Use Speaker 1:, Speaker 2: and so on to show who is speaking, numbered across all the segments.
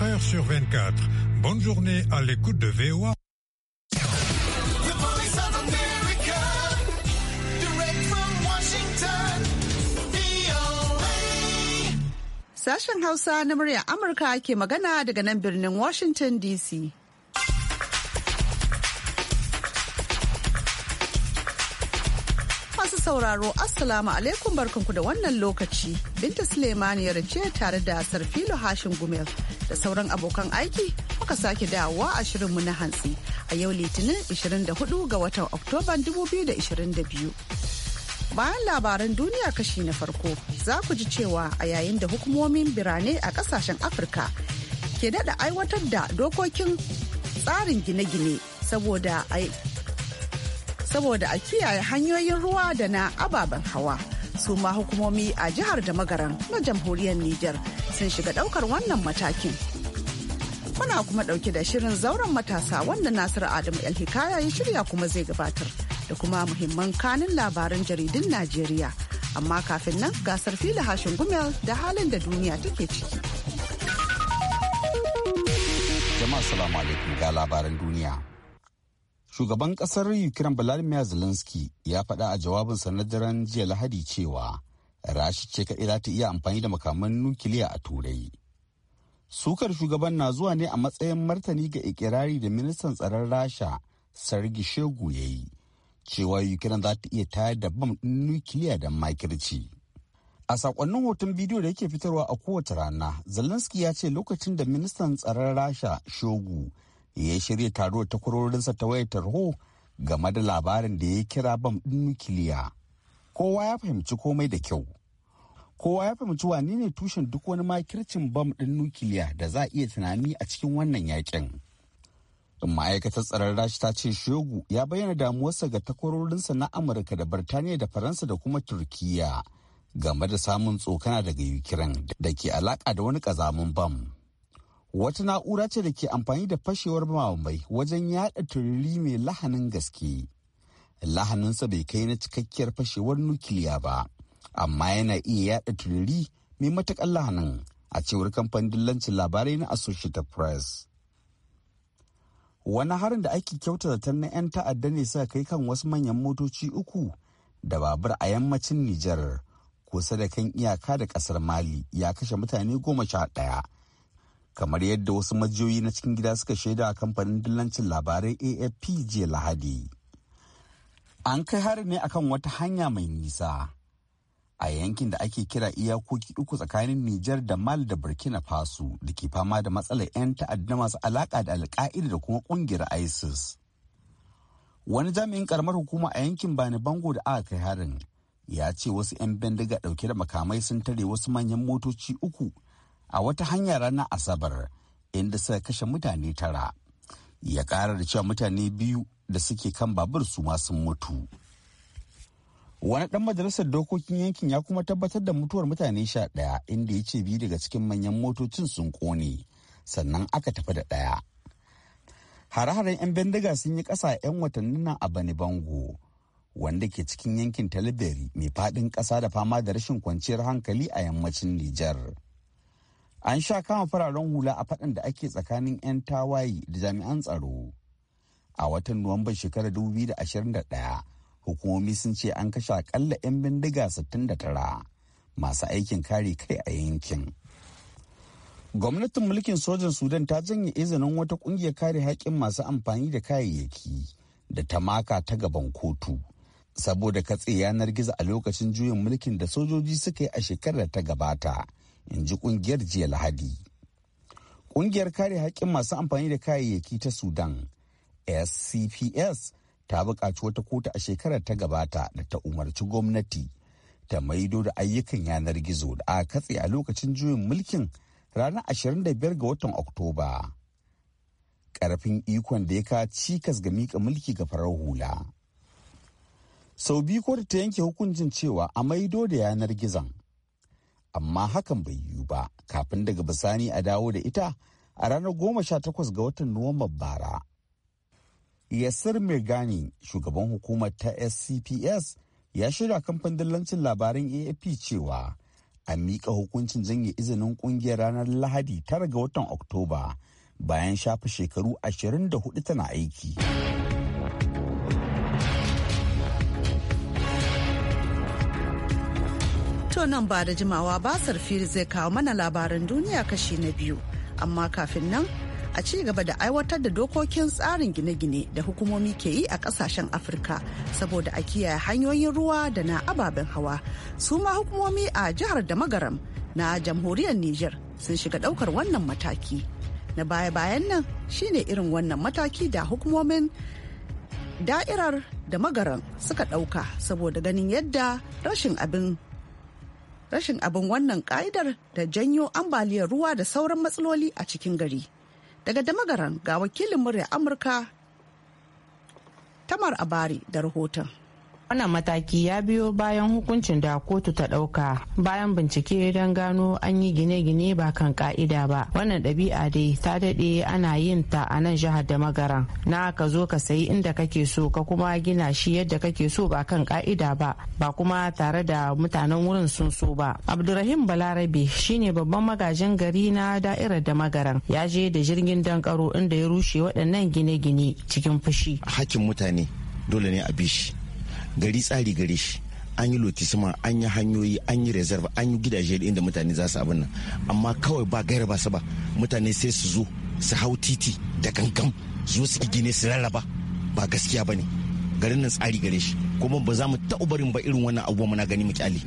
Speaker 1: 24 heures sur 24. Bonne journée à l'écoute de VOA.
Speaker 2: Sashen Hausa na murya Amurka ke magana daga nan birnin Washington DC. sauraro Assalamu alaikum barkanku da wannan lokaci. Binta Suleimaniyar ce tare da Sarfilo Hashin Gumel da sauran abokan aiki muka sake dawowa a shirinmu na hantsi a yau Litinin 24 ga watan Oktoban 2022. bayan labaran duniya kashi na farko za ku ji cewa a yayin da hukumomin birane a kasashen afirka ke dada aiwatar da dokokin tsarin gine-gine saboda saboda a kiyaye hanyoyin ruwa da na ababen hawa. su ma hukumomi a jihar da magaran na jamhuriyar Nijar sun shiga daukar wannan matakin. Muna kuma dauke da shirin zauren matasa wanda Nasiru Adamu Hikaya ya shirya kuma zai gabatar da kuma muhimman kanin labaran jaridun Najeriya. Amma kafin nan gasar fili hashin gumel da halin da duniya take ciki.
Speaker 1: Jama'a salamu alaikum ga labaran duniya. Shugaban kasar Ukraine Vladimir Zelensky ya faɗa a jawabinsa na daren jiya Lahadi cewa Rashi ce kaɗai za ta iya amfani da makaman nukiliya a Turai. Sukar shugaban na zuwa ne a matsayin martani ga ikirari da ministan tsaron Rasha Sergei Shegu ya yi, cewa Ukraine za ta iya tayar da bam ɗin nukiliya da makirci. A saƙonnin hoton bidiyo da yake fitarwa a kowace rana, Zelensky ya ce lokacin da ministan tsaron Rasha Shegu. ya shirya taro ta kurorinsa ta wayar tarho game da labarin da ya kira bam ɗin nukiliya kowa ya fahimci komai da kyau kowa ya fahimci wane ne tushen duk wani makircin bam ɗin nukiliya da za a iya tunani a cikin wannan yakin ma'aikatar tsaron rashi ta ce shogu ya bayyana damuwarsa ga takwarorinsa na amurka da birtaniya da faransa da kuma turkiya game da samun tsokana daga ukraine da ke alaka da wani kazamin bam wata na'ura ce da ke amfani da fashewar mawambai wajen yada turiri mai lahanin gaske lahaninsa bai kai na cikakkiyar fashewar nukiliya ba amma yana iya yada turiri mai matakan lahanin a cewar kamfanin dillancin labarai na associated press wani harin da ake kyauta zaton na 'yan ta'adda ne suka kai kan wasu manyan motoci uku da babur a yammacin nijar kusa da kan iyaka da kasar mali ya kashe mutane goma sha ɗaya kamar yadda wasu majiyoyi na cikin gida suka shaida a kamfanin dillancin labarai afp jiya lahadi an kai hari ne akan wata hanya mai nisa a yankin da ake kira iyakoki uku tsakanin nijar da mal da burkina faso da ke fama da matsalar 'yan ta'adda masu alaka da alka'ida da kuma kungiyar isis wani jami'in karamar hukuma a yankin bani bango da aka kai harin ya ce wasu 'yan bindiga dauke da makamai sun tare wasu manyan motoci uku a wata hanya ranar asabar inda suka kashe mutane tara ya ƙara da cewa mutane biyu da suke kan babur su ma sun mutu wani ɗan majalisar dokokin yankin ya kuma tabbatar da mutuwar mutane sha ɗaya inda ya ce biyu daga cikin manyan motocin sun ƙone sannan aka tafi da ɗaya hare-haren 'yan bindiga sun yi ƙasa 'yan watannin nan a bani bango wanda ke cikin yankin talibiri mai faɗin ƙasa da fama da rashin kwanciyar hankali a yammacin nijar an sha kama fararen hula a faɗan da ake tsakanin 'yan tawaye da jami'an tsaro a watan nuwamban shekarar 2021 hukumomi sun ce an kashe akalla 'yan bindiga 69 masu aikin kare kai a yankin gwamnatin mulkin sojan sudan ta janye izinin wata kungiyar kare haƙƙin masu amfani da kayayyaki da ta maka ta gaban kotu saboda katse yanar gizo a lokacin juyin mulkin da sojoji suka yi a shekarar ta gabata in ji kungiyar jiya lahadi kungiyar kare haƙƙin masu amfani da kayayyaki ta sudan scps ta buƙaci wata kotu a shekarar ta gabata da ta umarci gwamnati ta maido da ayyukan yanar gizo da aka katse a lokacin juyin mulkin ranar 25 ga watan oktoba ƙarfin ikon da ya ka cikas ga miƙa mulki ga farar hula sau biyu kotu ta yanke hukuncin cewa a maido da yanar gizon amma hakan bai yiwu ba kafin daga bisani a dawo da ita a ranar goma sha takwas ga watan nuwamban bara yasir megani shugaban hukumar ta scps ya shirya kamfanin dillancin labarin afp cewa a miƙa hukuncin janye izinin ƙungiyar ranar lahadi tara ga watan oktoba bayan shafe shekaru ashirin da hudu tana aiki.
Speaker 2: To nan ba da jimawa ba sarfiri zai kawo mana labaran duniya kashi na biyu. Amma kafin nan a ci gaba da aiwatar da dokokin tsarin gine-gine da hukumomi ke yi a kasashen afirka saboda a kiyaye hanyoyin ruwa da na ababen hawa su ma hukumomi a jihar da magaram na jamhuriyar niger sun shiga daukar wannan mataki na baya-bayan nan shine irin wannan mataki da hukumomin da'irar da magaran suka dauka saboda ganin yadda rashin abin rashin abin wannan ka'idar da janyo ambaliyar ruwa da sauran matsaloli a cikin gari daga damagaran ga wakilin murya amurka tamar abari da rahoton
Speaker 3: Wannan mataki ya biyo bayan hukuncin da kotu ta ɗauka bayan bincike don gano an yi gine-gine ba kan ka'ida ba. Wannan ɗabi'a dai ta daɗe ana yin ta a nan jihar da magaran. Na ka zo ka sayi inda kake so ka kuma gina shi yadda kake so ba kan ka'ida ba ba kuma tare da mutanen wurin sun so ba. Abdurrahim Balarabe shine babban magajin gari na da'irar da magaran ya je da jirgin dankaro inda ya rushe waɗannan gine-gine cikin fushi. Hakkin mutane
Speaker 4: dole ne a bi shi gari tsari gare shi an yi lotisima an yi hanyoyi an yi reserve an yi gidaje inda mutane za su abin nan amma kawai ba gaira ba ba mutane sai su zo su hau titi da gangan zo su gine su rarraba ba gaskiya ba ne garin nan tsari gare shi kuma ba za mu taɓa barin ba irin wannan abubuwa muna gani mu kyale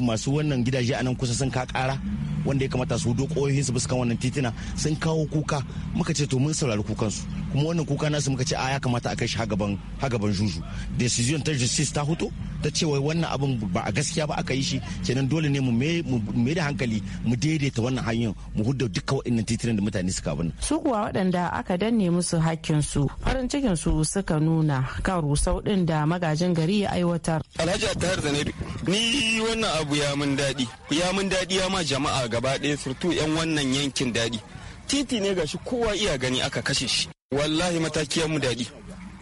Speaker 4: masu wannan gidaje a nan kusa sun ka ƙara wanda ya kamata su dokohin su buskan wannan titina sun kawo kuka muka ce to mun saurari kukan su kuma wannan kuka nasu muka ce a ya kamata a kai shi hagaban hagaban juju decision ta justice ta huto ta cewa wannan abin ba a gaskiya ba aka yi shi kenan dole ne mu mai da hankali mu daidaita wannan hanyar mu hudda duka waɗannan titiran da mutane suka abin
Speaker 3: su kuwa waɗanda aka danne musu hakkin su farin cikin su suka nuna kan rusau din da magajin gari ya aiwatar
Speaker 5: alhaji attahar zanari ni wannan abu ya mun daɗi ya mun daɗi ya ma jama'a gaba ɗaya surtu yan wannan yankin daɗi titi ne gashi kowa iya gani aka kashe shi wallahi matakiyar mu daɗi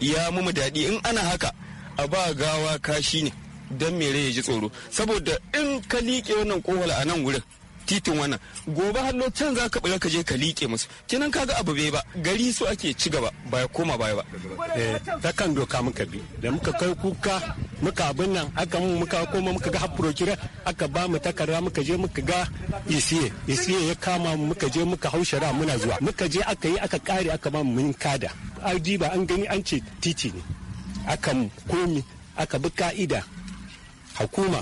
Speaker 5: ya mu daɗi in ana haka a ba gawa kashi ne don mere ya ji tsoro saboda in ka liƙe wannan kohol a nan wurin titin wannan gobe hallo can za ka bari ka je ka liƙe musu kinan kaga abu bai ba gari su ake ci gaba ba ya koma baya ba eh, ta kan doka muka bi da muka kai kuka muka abin nan aka mu muka koma muka ga haprokira aka ba mu takarda muka je muka ga isiye isiye ya kama mu muka je muka haushara muna zuwa muka je aka yi aka kare aka ba mu mun kada ba an gani an ce titi ne akan komi aka bi ka'ida hukuma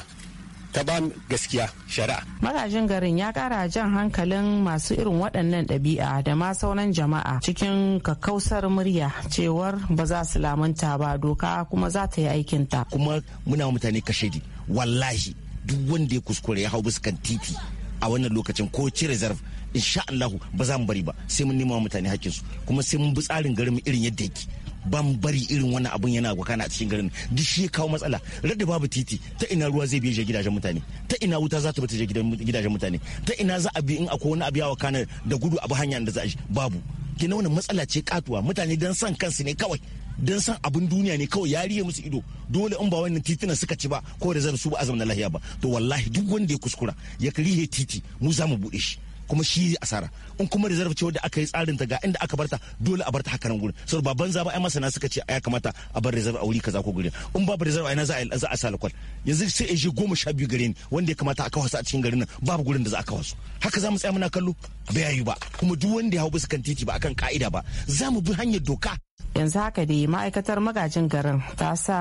Speaker 5: ta ba gaskiya shari'a.
Speaker 3: Magajin garin ya kara jan hankalin masu irin waɗannan ɗabi'a da ma sauran jama'a cikin kakausar murya cewar ba za su lamunta ba doka kuma za ta yi aikinta. Kuma
Speaker 4: muna mutane kashedi wallahi duk wanda ya kuskure ya hau buskan titi a wannan lokacin ko ci reserve insha Allah ba za mu bari ba sai mun nema mutane hakkin su kuma sai mun bi tsarin garin irin yadda yake ban bari irin wannan abun yana wakana a cikin garin duk shi ya kawo matsala radda babu titi ta ina ruwa zai biye gidajen mutane ta ina wuta za ta bata gidajen mutane ta ina za a bi in akwai wani abu ya wakana da gudu abu hanya da za a babu kina wannan matsala ce katuwa mutane dan san kansu ne kawai don san abun duniya ne kawai ya riye musu ido dole in ba wannan titina suka ci ba ko da zan su ba azumin lahiya ba to wallahi duk wanda ya kuskura ya rihe titi mu za mu buɗe shi kuma shi asara in kuma reserve ce wadda aka yi tsarin ta ga inda aka barta dole a barta hakanan gurin saboda ba banza ba ai masana suka ce ya kamata a bar reserve a wuri kaza ko gurin in babu reserve ai na za a za a sa lakwal yanzu sai goma sha biyu gare ni wanda ya kamata a kawo a cikin garin nan babu gurin da za a kawasu haka za mu tsaya muna kallo bai yi ba kuma duk wanda ya hau bisa kan titi ba akan ka'ida ba
Speaker 3: za mu bi hanyar doka yanzu haka dai ma'aikatar magajin garin ta sa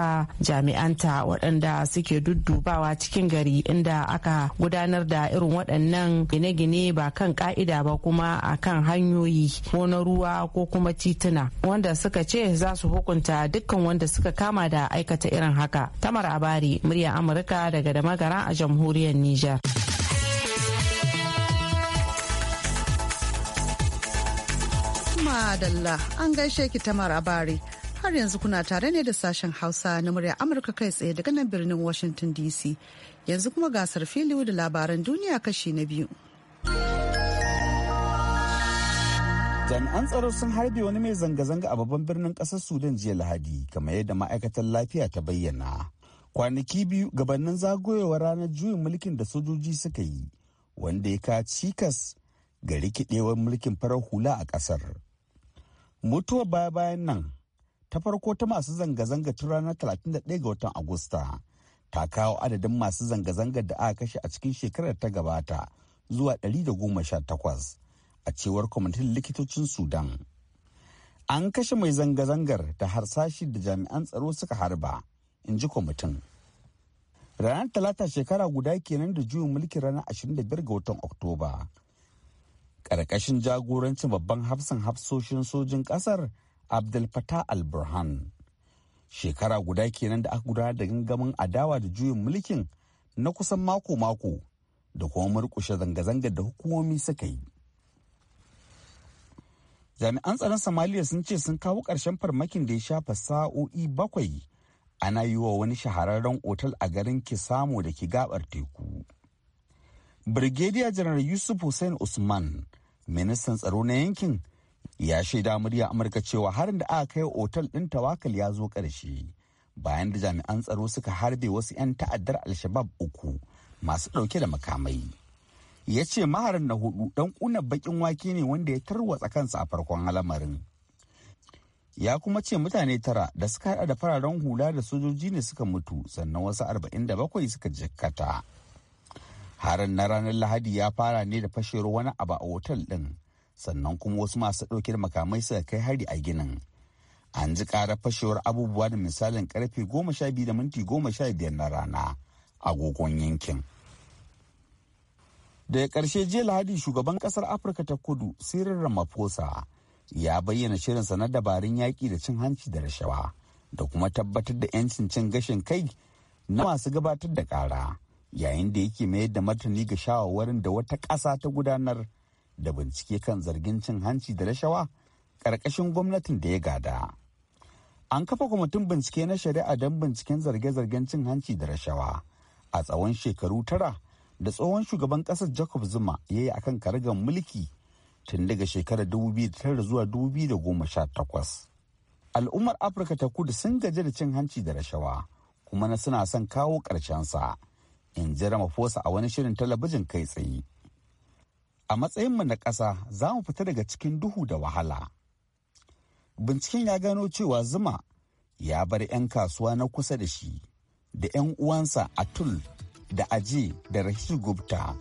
Speaker 3: jami'anta waɗanda suke duddubawa cikin gari inda aka gudanar da irin waɗannan gine-gine ba kan ka'ida ba kuma a kan hanyoyi ko na ruwa ko kuma tituna wanda suka ce za su hukunta dukkan wanda suka kama da aikata irin haka tamar abari murya amurka daga da magara a jamhuriyar niger
Speaker 2: Madalla an gaishe ki tamar bari Har yanzu kuna tare ne da sashen Hausa na murya Amurka kai tsaye daga nan birnin Washington DC. Yanzu kuma gasar filiyu da labaran duniya kashi na biyu.
Speaker 5: Jami'an
Speaker 1: tsaro sun harbe wani mai zanga-zanga a babban birnin kasar Sudan jiya Lahadi, kamar yadda ma'aikatar lafiya ta bayyana. Kwanaki biyu gabanin zagayowar ranar juyin mulkin da sojoji suka yi, wanda ya ka cikas ga rikidewar mulkin farar hula a kasar. mutuwar baya bayan nan ta farko ta masu zanga-zanga tun ranar 31 ga watan agusta ta kawo adadin masu zanga-zangar da aka kashe a cikin shekarar ta gabata zuwa 118 a cewar kwamitin likitocin sudan an kashe mai zanga-zangar da harsashi da jami'an tsaro suka harba in ji kwamitin ranar talata shekara guda kenan da juyin mulkin ranar 25 ga watan oktoba ƙarƙashin jagorancin babban hafsan hafsoshin sojin ƙasar abdul fatah al-burhan shekara guda kenan da aka gudanar da gangamin adawa da juyin mulkin na kusan mako-mako da kuma murƙushe zanga-zangar da hukumomi suka yi jami'an tsaron somaliya sun ce sun kawo ƙarshen farmakin da ya shafa sa'o'i bakwai ana yi wa wani shahararren otal a garin kisamo da ke gabar teku Brigadier General Yusuf Hussein Usman, ministan tsaro na yankin, ya shaida murya Amurka cewa harin da aka kai otal ɗin tawakal ya zo ƙarshe. Bayan da jami'an tsaro suka harbe wasu 'yan ta'addar Alshabab uku masu ɗauke da makamai. Ya ce maharin na hudu ɗan ƙunar baƙin wake ne wanda ya tarwatsa kansa a farkon alamarin. ya kuma ce mutane tara da suka haɗa da fararen hula da sojoji ne suka mutu sannan wasu arba'in da bakwai suka jikkata. harin na ranar lahadi ya fara ne da fashewar wani abu a otal ɗin sannan kuma wasu masu ɗauke da makamai suka kai hari a ginin an ji ƙarar fashewar abubuwa da misalin ƙarfe goma sha biyu da minti goma sha biyar na rana agogon yankin daga ƙarshe jiya lahadi shugaban ƙasar afirka ta kudu sirin ramaphosa ya bayyana shirin sa na dabarun yaƙi da cin hanci da rashawa da kuma tabbatar da 'yancin cin gashin kai na masu gabatar da ƙara. yayin da yake mayar da martani ga shawarwarin da wata ƙasa ta gudanar da bincike kan zargin cin hanci da rashawa ƙarƙashin gwamnatin da ya gada. An kafa kwamitin bincike na shari'a don binciken zarge-zargen cin hanci da rashawa a tsawon shekaru tara da tsohon shugaban ƙasar Jacob Zuma ya yi akan karagar mulki tun daga shekarar 2009 zuwa takwas Al'ummar Afirka ta kudu sun gaji da cin hanci da rashawa kuma na suna son kawo ƙarshensa. sa. in ji Ramaphosa a wani shirin talabijin kai tsaye. A matsayinmu na ƙasa za mu fita daga cikin duhu da wahala. Binciken ya gano cewa zuma ya bar 'yan kasuwa na kusa da shi da 'yan uwansa Atul da Aji da Rahish Gupta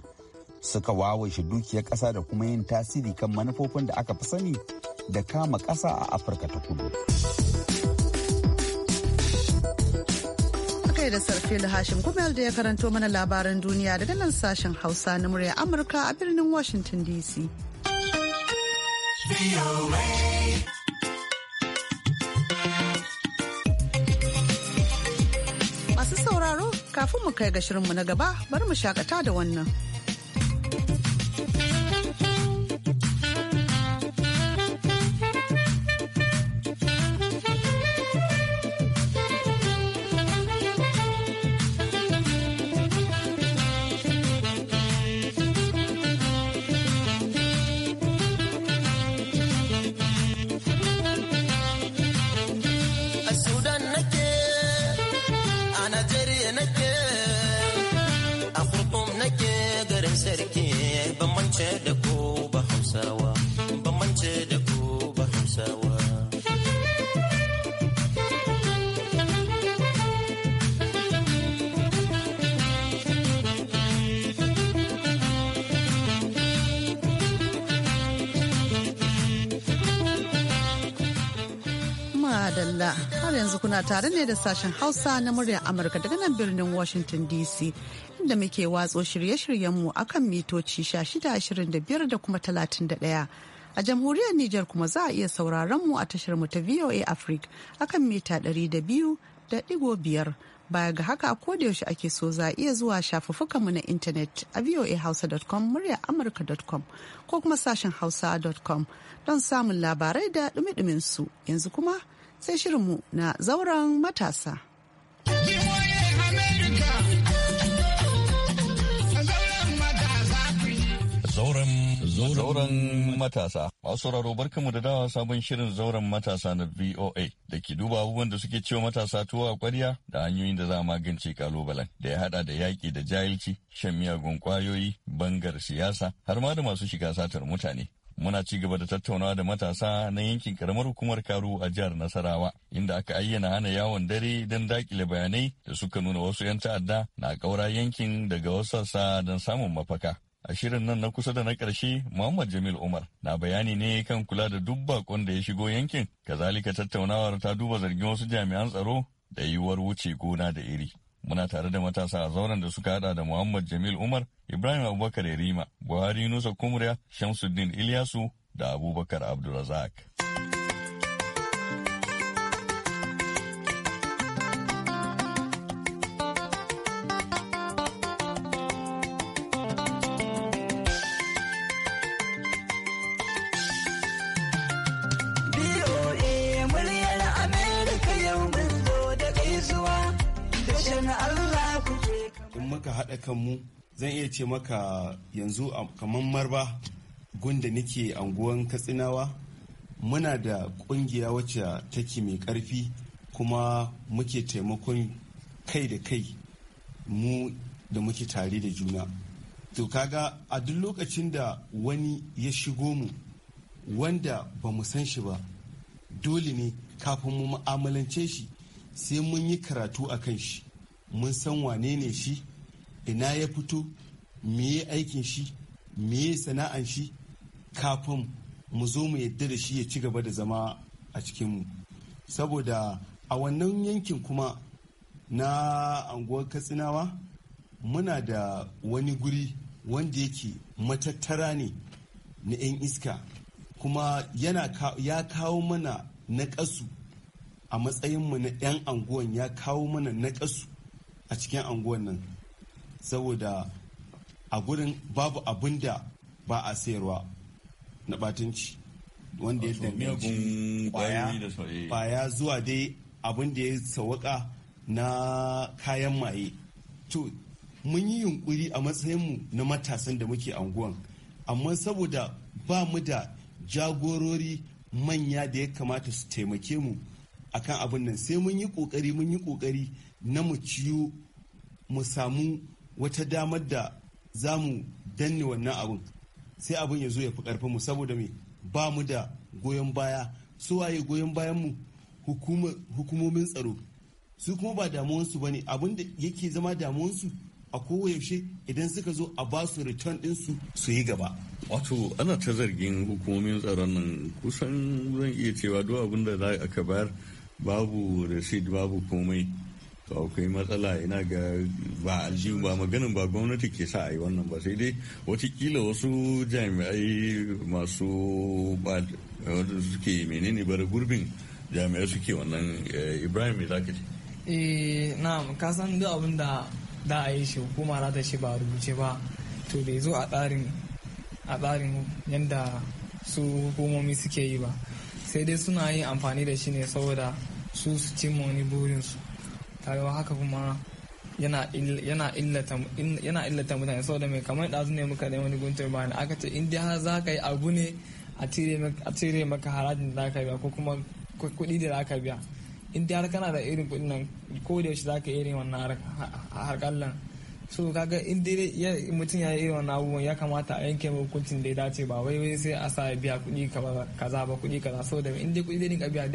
Speaker 1: suka wawashe dukiyar ƙasa da kuma yin tasiri kan manufofin da aka fi sani da kama ƙasa a Afirka ta kudu.
Speaker 2: da sarfilu hashim gumel da ya karanto mana labaran duniya daga nan sashen hausa na murya amurka a birnin washington dc masu sauraro kafin mu kai ga shirinmu na gaba bari mu shakata da wannan har yanzu kuna tare ne da sashen Hausa na muryar Amurka daga nan birnin Washington DC inda muke watso shirye-shiryenmu akan mitoci 1625 da kuma 31. A jamhuriyar Nijar kuma za a iya sauraron mu a tashar mu ta VOA Africa akan mita da 200.5 baya ga haka ko da yaushe ake so za iya zuwa mu na intanet a voahausa.com murya amurka.com ko kuma sashen hausa.com don samun labarai da dumi su yanzu kuma sai shirinmu na zauren matasa.
Speaker 6: Zauren matasa. Masu sauraro barkamu da dawa sabon shirin zauren matasa na VOA da ke duba abubuwan da suke cewa matasa tuwa a kwarya da hanyoyin da za a magance kalubalen da ya hada da yaƙi da jahilci, shan miyagun kwayoyi, bangar siyasa, har ma da masu shiga satar mutane. Muna ci gaba da tattaunawa da matasa na yankin karamar hukumar Karu a jihar Nasarawa, inda aka ayyana hana yawon dare don dakile bayanai da suka nuna wasu 'yan ta'adda na kaura yankin daga wasu sassa don samun mafaka. a shirin nan na kusa da na ƙarshe Muhammad Jamil Umar na bayani ne kan kula da duk bakon da ya shigo yankin, kazalika tattaunawar ta duba zargin wasu jami'an tsaro da yiwuwar wuce gona da iri. Muna tare da matasa a zauren da suka hada da Muhammad Jamil Umar, Ibrahim Abubakar Yarima, Buhari Nusa Kumriya, Shamsuddin Ilyasu da Abubakar Abdulrazak.
Speaker 5: kanmu zan iya ce maka yanzu kamar marba gunda nake anguwan katsinawa muna da kungiya wacce take mai karfi kuma muke taimakon kai da kai mu da muke tare da juna to kaga a duk lokacin da wani ya shigo mu wanda ba mu san shi ba dole ne kafin mu mu'amalance shi sai mun yi karatu a kan shi mun san wane ne shi ina ya fito meye aikin shi meye sana'an shi kafin mu zo mu yadda da shi ya ci gaba da zama a cikinmu saboda a wannan yankin kuma na anguwar katsinawa muna da wani guri wanda yake matattara ne na 'yan iska kuma yana ya kawo mana naƙasu a matsayinmu na 'yan anguwan ya kawo mana naƙasu a cikin anguwan nan saboda a gurin babu abin da ba a sayarwa na batunci wanda ya danganci kwaya zuwa dai abin da ya sawaka na kayan maye to mun yi yunkuri a matsayinmu na matasan da muke anguwan amma saboda ba mu da jagorori manya da ya kamata su taimake mu akan abin nan sai mun yi kokari mun yi kokari na mu ciyo mu samu wata damar da za mu danne wannan abun sai abun ya zo ya fi karfin mu saboda me ba mu da goyon baya su waye goyon bayan mu hukumomin tsaro su kuma ba damuwansu ba ne abin da yake zama damuwansu a kowace idan suka zo a ba su return ɗinsu
Speaker 6: su yi gaba. Wato ana ta zargin hukumomin tsaron nan kusan zan iya cewa duk abun da za aka bayar babu receipt babu komai to akwai matsala ina ga ba aljihu ba maganin ba gwamnati ke sa a yi wannan ba sai dai watakila wasu jami'ai masu ba suke menene bar gurbin jami'ai suke wannan eh, ibrahim za ka ce
Speaker 7: eh na kasan duk abin da da a yi shi hukuma za ta shi ba rubuce ba to bai zo a tsarin a tsarin yadda su hukumomi suke yi ba sai dai suna yin amfani da shi ne saboda su su cimma wani burinsu kaga haka kuma yana illata mutane saboda mai kamar ɗazu ne muka da wani guntar bayan aka ce in dai har za ka yi abu ne a cire maka harajin da za biya ko kuma kuɗi da za ka biya in dai har kana da irin kuɗin nan ko da yaushe za ka irin wannan harkallan so kaga in dai mutum ya yi irin wannan abubuwan ya kamata a yanke hukuncin da ya dace ba wai wai sai a sa ya biya kuɗi kaza ba kuɗi kaza saboda in dai kuɗi da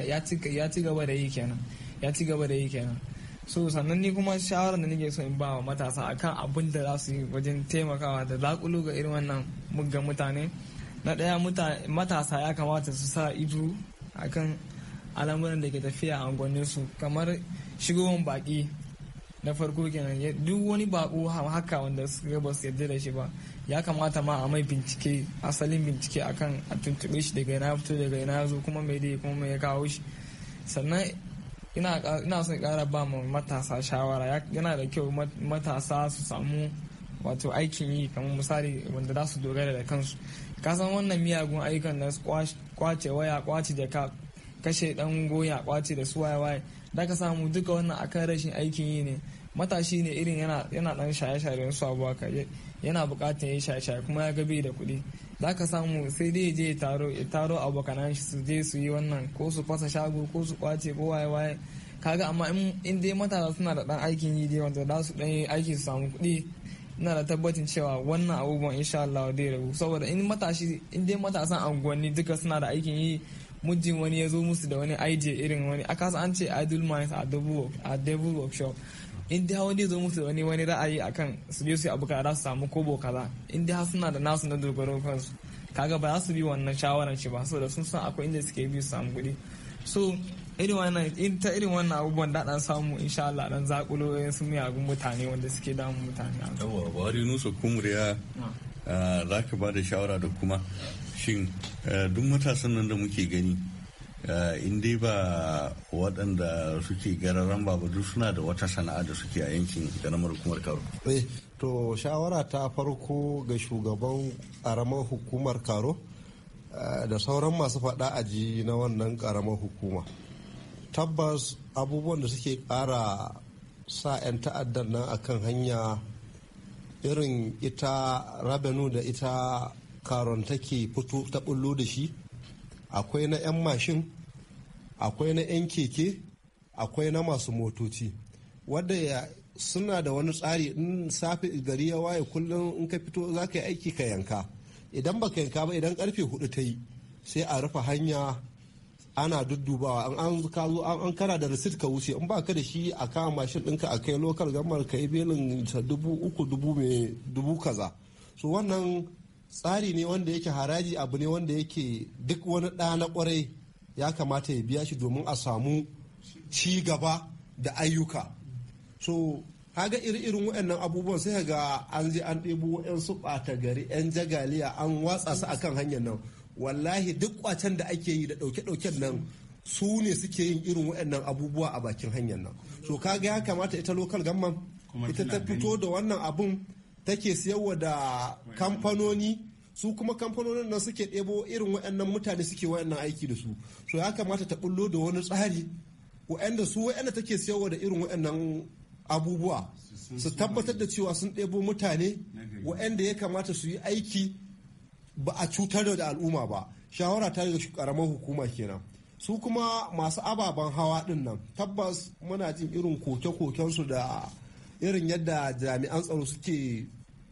Speaker 7: ya ci gaba da yi kenan ya ci gaba da yi kenan so sannan ni kuma shawarar da nake so in ba wa matasa akan abin da za su yi wajen taimakawa da zakulu ga irin wannan muggan mutane na ɗaya matasa ya kamata su sa ido akan al'amuran da ke tafiya a su kamar shigowar baki na farko kenan duk wani bako haka wanda suka ba su yarda da shi ba ya kamata ma a mai bincike asalin bincike akan a tuntuɓe shi daga ina fito daga ina zo kuma mai dai kuma mai kawo shi sannan ina son kara ba mu matasa shawara yana da kyau matasa su samu wato aikin yi kamar misali wanda za su dogara da kansu kasan wannan miyagun ayyukan da kwace waya kwace ka kashe dan goya kwace da su waye da ka samu duka wannan akan rashin aikin yi ne matashi ne irin yana dan shaye-shayen su abuwa yana bukatar ya shaye-shaye kuma ya gabe da kuɗi za ka samu sai dai je taro ya taro abokanan shi su je su yi wannan ko su fasa shago ko su kwace ko waye waye kaga amma in dai matasa suna da dan aikin yi dai wanda za su dan yi aiki su samu kuɗi ina da tabbacin cewa wannan abubuwan insha Allah dai rabu saboda in matashi in dai matasan anguwanni duka suna da aikin yi mujin wani ya zo musu da wani idea irin wani akasa an ce idle minds a devil workshop in dai wani zo musu wani wani ra'ayi akan su je su abu kaza su samu kobo kaza in dai suna da nasu na dogaro kansu kaga ba za su bi wannan shawaran shi ba da sun san akwai inda suke bi su samu kuɗi so irin wannan in ta irin wannan abubuwan da dan samu insha Allah dan zakulo sun miyagun mutane wanda suke damun mutane yawa
Speaker 6: bari nusa kumriya ah, za ka ba da shawara da kuma shin eh, duk matasan nan da muke gani Eh, in dai ba waɗanda suke gararan ba duk suna da wata sana'a da suke a yankin ƙaramar hukumar karo.
Speaker 8: Eh, to shawara ta farko ga shugaban ƙaramar hukumar karo eh, da sauran masu faɗa aji na wannan ƙaramar hukuma tabbas abubuwan da suke ƙara sa 'yan ta'addan nan a kan hanya irin ita rabenu da ita karon take fito ta bullo da shi akwai na 'yan mashin akwai na 'yan keke akwai na masu motoci wadda ya suna da wani tsari in safi gari ya waye kullum in ka fito za ka yi aiki ka yanka idan baka yanka ba idan karfe hudu ta yi sai a rufe hanya ana duddubawa an ka zo an kana da risit ka wuce in baka da shi a kama mashin ɗinka a kai lokal gamar ka yi belin dubu uku dubu mai dubu kaza so wannan tsari ne wanda yake haraji abu ne wanda yake duk wani ɗa na kwarai ya kamata ya biya shi domin a samu ci gaba da ayyuka so kaga iri-irin waɗannan abubuwan sai ga an je an ɗebo su ɓata gari 'yan jagaliya an watsa su akan hanyar nan wallahi duk kwacen da ake yi da ɗauke-ɗauken nan su ne suke yin irin waɗannan abubuwa a bakin hanyar nan so kaga ya kamata ita lokal gamman ita ta fito da wannan abun take siyarwa da kamfanoni su kuma kamfanonin nan suke ɗebo irin waɗannan mutane suke waɗannan aiki da su so ya kamata ta bullo da wani tsari waɗanda su waɗanda take siyarwa da irin waɗannan abubuwa su tabbatar da cewa sun ɗebo mutane waɗanda ya kamata su yi aiki ba a cutar da al'umma ba shawara ta daga karamar hukuma kenan su kuma masu ababen hawa ɗin nan tabbas muna jin irin koke-kokensu da irin yadda jami'an tsaro suke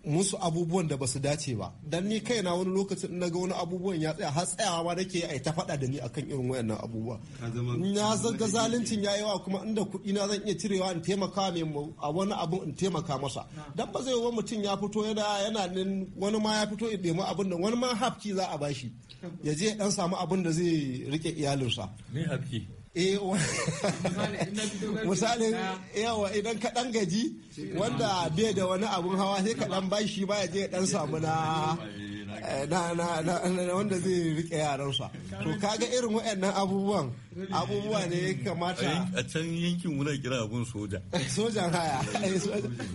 Speaker 8: musu abubuwan da ba su dace ba dan ni kai na wani lokacin na ga wani abubuwan ya tsaya har tsayawa ma nake ai ta faɗa da ni akan irin wayannan abubuwa na san ga zaluncin yayi wa kuma inda kuɗi na zan iya cirewa in taimaka mai a wani abu in taimaka masa dan ba zai wa mutum ya fito yana yana wani ma ya fito ya nemi abin da wani ma hafki za a bashi ya je dan samu abin da zai rike iyalinsa Eh, misali yawa idan ka dan gaji wanda bai da wani abun hawa sai ka dan bashi ba ya je ya dan samu na Eh, na wanda zai rike yaransa to kaga irin waɗannan abubuwan abubuwa ne ya kamata
Speaker 6: a can yankin wuna kira abun soja
Speaker 8: eh, sojan haya eh,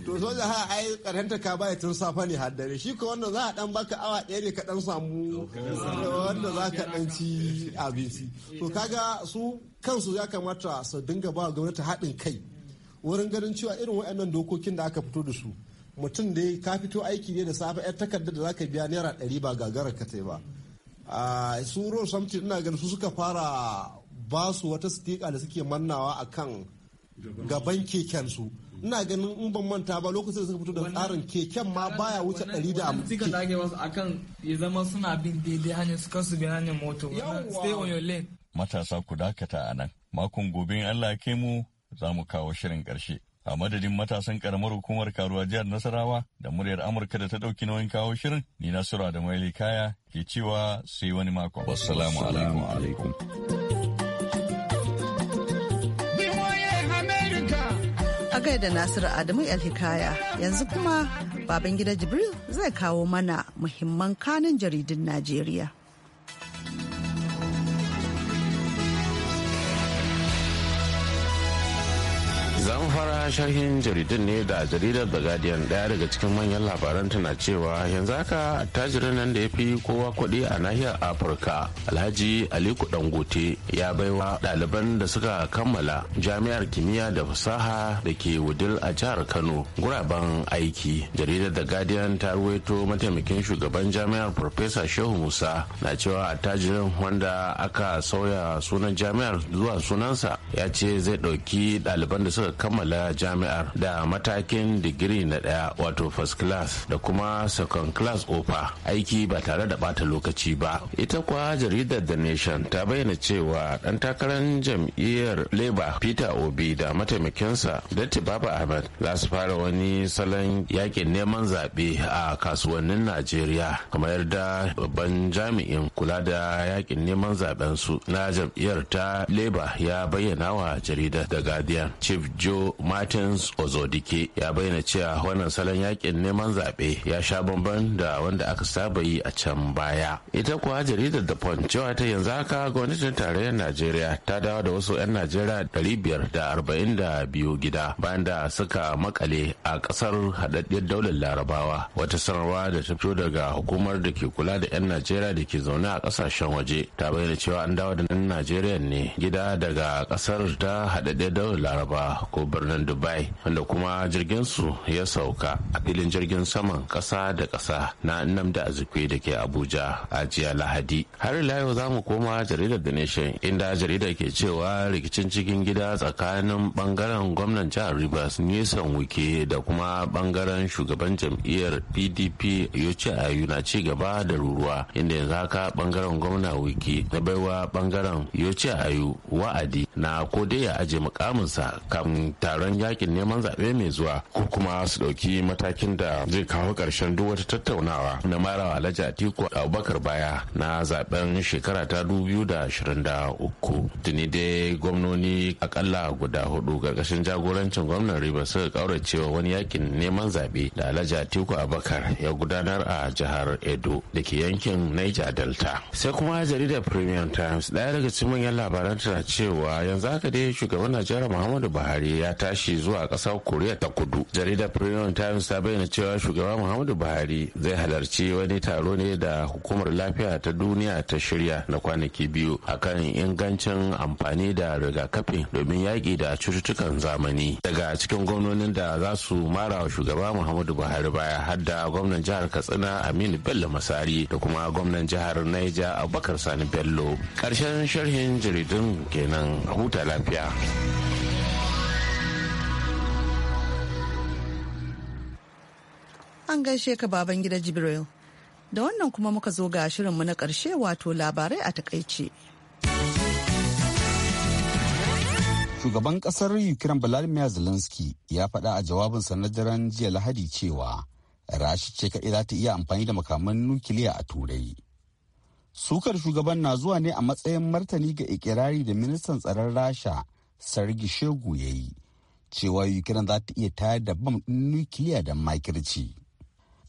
Speaker 8: to sojan haya ai karanta ka bai tun safa ne haddare shi ko wanda za a dan baka awa ɗaya ne ka dan samu wanda za ka dan ci abinci to kaga su kansu ya kamata su dinga ba gwamnati haɗin kai wurin ganin cewa irin waɗannan dokokin da aka fito da su mutum dai ka fito aiki ne da safe yar takarda da zaka biya naira ɗari ba gagara ka ba a su ruwan samtin ina ganin su suka fara ba su wata stika da suke mannawa a kan gaban keken su ina ganin in ban manta ba lokacin da suka fito da tsarin keken ma baya wuce ɗari
Speaker 7: da hamsin dage wasu akan ya zama suna bin daidai hanyar su kasu bin hanyar moto stay on your lane
Speaker 6: matasa ku dakata a nan makon gobe in Allah ya kai mu za mu kawo shirin karshe. a madadin matasan karamar hukumar karuwa jihar Nasarawa da muryar Amurka da ta ɗauki nauyin kawo shirin ni Nasura da Maili Kaya ke cewa sai wani mako. Wassalamu
Speaker 2: alaikum. A da Nasiru Adamu Alhikaya yanzu kuma Babangida Jibril zai kawo mana muhimman kanin jaridun Najeriya.
Speaker 9: zan fara sharhin jaridun ne da jaridar the guardian daya daga cikin manyan labaran tana cewa yanzu haka tajirin nan da ya fi kowa kuɗi a nahiyar afirka alhaji aliku dangote ya baiwa ɗaliban da suka kammala jami'ar kimiyya da fasaha da ke wudil a jihar kano guraben aiki jaridar the guardian ta ruwaito mataimakin shugaban jami'ar Profesa shehu musa na cewa attajirin wanda aka sauya sunan jami'ar zuwa sunansa ya ce zai ɗauki ɗaliban da suka kammala jami'ar da matakin digiri na ɗaya wato first class da kuma second class ofa aiki ba tare da bata lokaci ba ita kwa jaridar the nation ta bayyana cewa ɗan takarar jam'iyyar labour peter obi da mataimakinsa datti baba ahmed za su fara wani salon yakin neman zaɓe a kasuwannin najeriya kamar yarda babban jami'in kula da yakin neman zaɓen su na jam'iyyar ta labour ya bayyana wa jaridar the guardian chief joe martins ozodike ya bayyana cewa wannan salon yakin neman zaɓe ya sha bamban da wanda aka saba yi a can baya ita kuwa jaridar da punch cewa ta yanzu haka gwamnatin tarayyar najeriya ta dawo da wasu 'yan najeriya ɗari biyar da biyu gida bayan da suka makale a ƙasar haɗaɗɗiyar daular larabawa wata sanarwa da ta fito daga hukumar da ke kula da 'yan najeriya da ke zaune a ƙasashen waje ta bayyana cewa an dawo da 'yan najeriya ne gida daga ƙasar ta haɗaɗɗiyar daular larabawa. ko birnin dubai wanda kuma jirginsu ya sauka a filin jirgin saman kasa da kasa na namda azikwe da ke abuja a jiya lahadi har ila yau za mu koma jaridar the nation inda jaridar ke cewa rikicin cikin gida tsakanin bangaren gwamnan jihar rivers nisan wuke da kuma bangaren shugaban jam'iyyar pdp yoci ayu na ci gaba da ruruwa inda yanzu haka bangaren gwamna wuke na baiwa bangaren yoci ayu wa'adi na ko dai ya aje mukaminsa kafin taron yakin neman zaɓe mai zuwa ko kuma su ɗauki matakin da zai kawo ƙarshen duk wata tattaunawa na mara alhaji atiku abubakar baya na zaben shekara ta uku tuni dai gwamnoni akalla guda hudu ƙarƙashin jagorancin gwamnan riba suka cewa wani yakin neman zaɓe da alhaji atiku abubakar ya gudanar a jihar edo da ke yankin niger delta sai kuma jaridar premium times ɗaya daga cikin manyan labaran tana cewa yanzu haka dai shugaban najeriya muhammadu buhari ya tashi zuwa ƙasar koriya ta kudu jaridar premium times ta bayyana cewa shugaba muhammadu buhari zai halarci wani taro ne da hukumar lafiya ta duniya ta shirya na kwanaki biyu akan ingancin amfani da rigakafi domin yaƙi da cututtukan zamani daga cikin gwamnonin da za su mara wa shugaba muhammadu buhari baya har da gwamnan jihar katsina aminu bello masari da kuma gwamnan jihar naija abubakar sani bello ƙarshen sharhin jaridun kenan huta lafiya.
Speaker 2: An gaishe ka baban gida Jibril. Da wannan kuma muka zo ga shirinmu na karshe wato labarai a takaice.
Speaker 1: Shugaban kasar Ukraine Volodymyr Zelensky ya faɗa a jawabin na jiya Lahadi cewa rashi ce kaɗai za ta iya amfani da makaman nukiliya a turai. Sukar shugaban na zuwa ne a matsayin martani ga ikirari da ministan tsaron rasha sargi shegu ya yi cewa ukraine za ta iya tayar da bam ɗin nukiliya da makirci.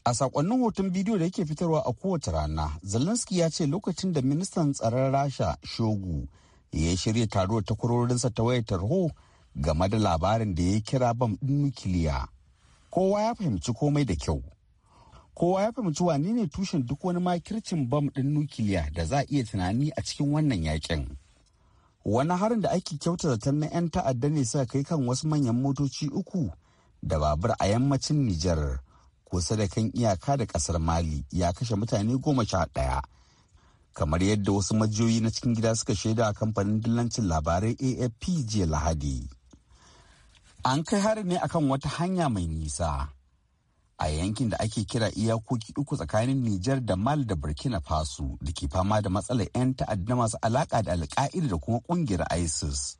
Speaker 1: A sakonnin hoton bidiyo da yake fitarwa a kowace rana, Zelensky ya ce lokacin da ministan tsaron Rasha Shogu ya shirya taro ta kurorinsa ta wayar tarho game da labarin da ya kira bam ɗin nukiliya. Kowa ya fahimci komai da kyau. Kowa ya fahimci wane ne tushen duk wani makircin bam ɗin nukiliya da za a iya tunani a cikin wannan yakin. Wani harin da ake kyauta zaton na 'yan ta'adda ne suka kai kan wasu manyan motoci uku da babur a yammacin Nijar. kusa da kan iyaka da kasar mali ya kashe mutane goma sha ɗaya kamar yadda wasu majiyoyi na cikin gida suka shaida a kamfanin dillancin labarai afp jiya lahadi an kai hari ne akan wata hanya mai nisa a yankin da ake kira iyakoki uku tsakanin Nijar da Mali da Burkina Faso da ke fama da matsalar 'yan ta'adda masu alaƙa da alka'ida da kuma ƙungiyar ISIS.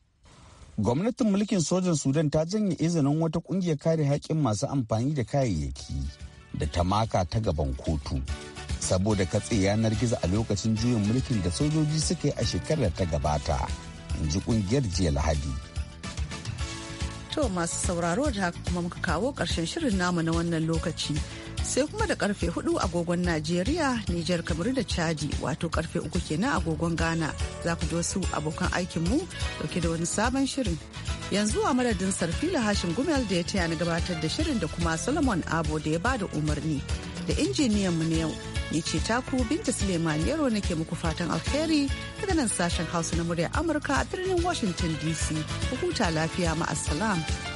Speaker 1: gwamnatin mulkin sojan sudan ta janye izinin wata kungiyar kare haƙƙin masu amfani da kayayyaki da ta maka ta gaban kotu saboda katse yanar gizo a lokacin juyin mulkin da sojoji suka yi a shekarar ta gabata in ji kungiyar jiya lahadi
Speaker 2: to masu sauraro da haka kuma muka kawo ƙarshen shirin namu na wannan lokaci sai kuma da karfe 4 agogon Najeriya, Nijar kamar da Chadi wato karfe 3 kenan agogon Ghana za ku ji wasu abokan aikinmu dauke da wani sabon shirin. Yanzu a madadin Sarfila Hashim Gumel da ya taya na gabatar da shirin da kuma Solomon Abo da ya bada umarni da injiniyan mu na yau. Ni ce taku Binta Suleiman Yaro nake muku fatan alheri daga nan sashen Hausa na muryar Amurka a birnin Washington DC. Ku huta lafiya ma'assalam.